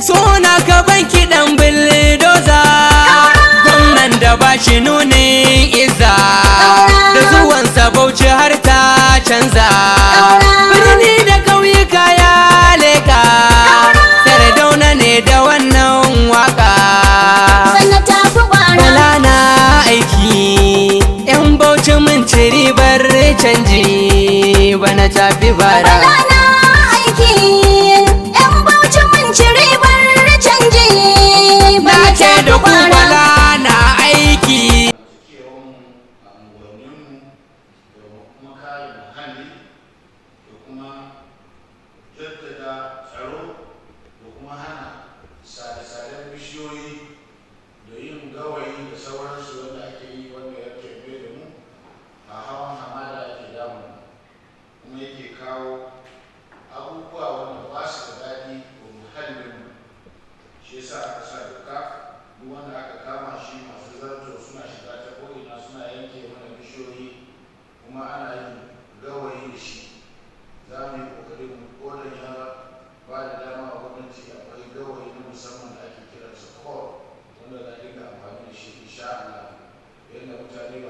suna gaban kiɗan bildoza gwamnan da ba shi nunin iza da zuwansa bauchi har ta canza birni da ƙauyuka ya leka sardauna ne da wannan waka bala na aiki yan bauchi mun ciri bar canji bana tafi bara muhalli da kuma jaddada tsaro da kuma hana sade-saden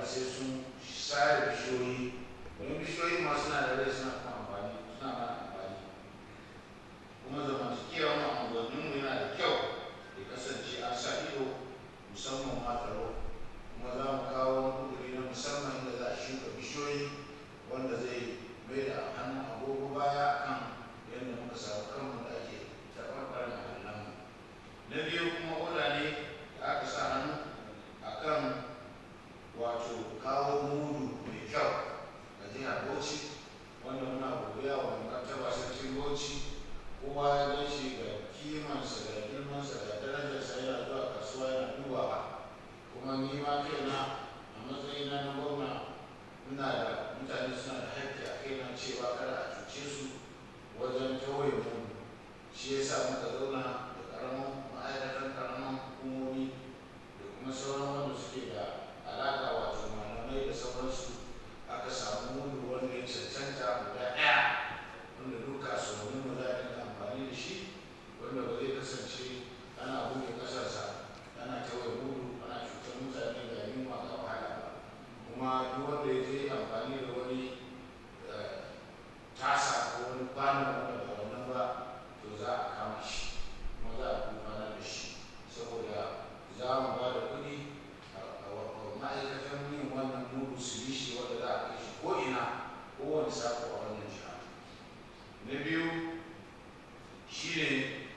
fazeres um sábio e ni ma kaina a matsayina na gwamna ina da mutane suna da haƙƙi a kaina cewa kada a cuce su wajen tawaye mu shi yasa muka zauna da ƙaramin ma'aikatan ƙaramin hukumomi da kuma sauran wanda suke da alaƙa wato malamai da sauransu ma'aikatar yin wannan mudu su yi shi wanda za a kai shi ko ina kowane sako a wannan jiha na biyu shi ne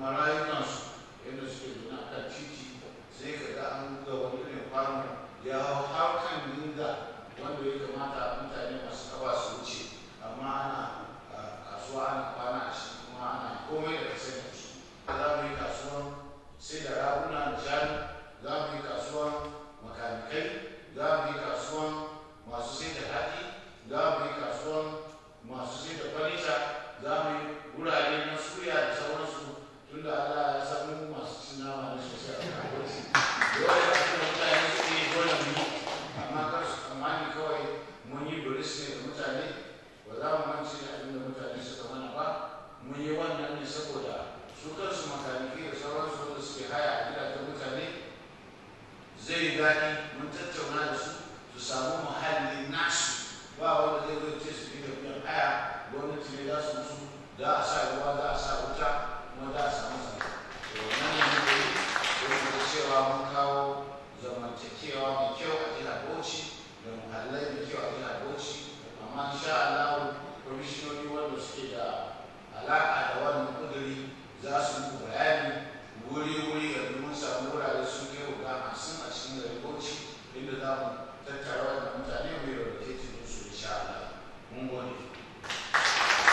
marai nosso, eu não sei, na Tatiti, sei que dá um lugar zai daɗi mun tattauna da su su samu muhalli nasu ba wanda zai zo ce su da biyan haya gwamnati ne za su musu za a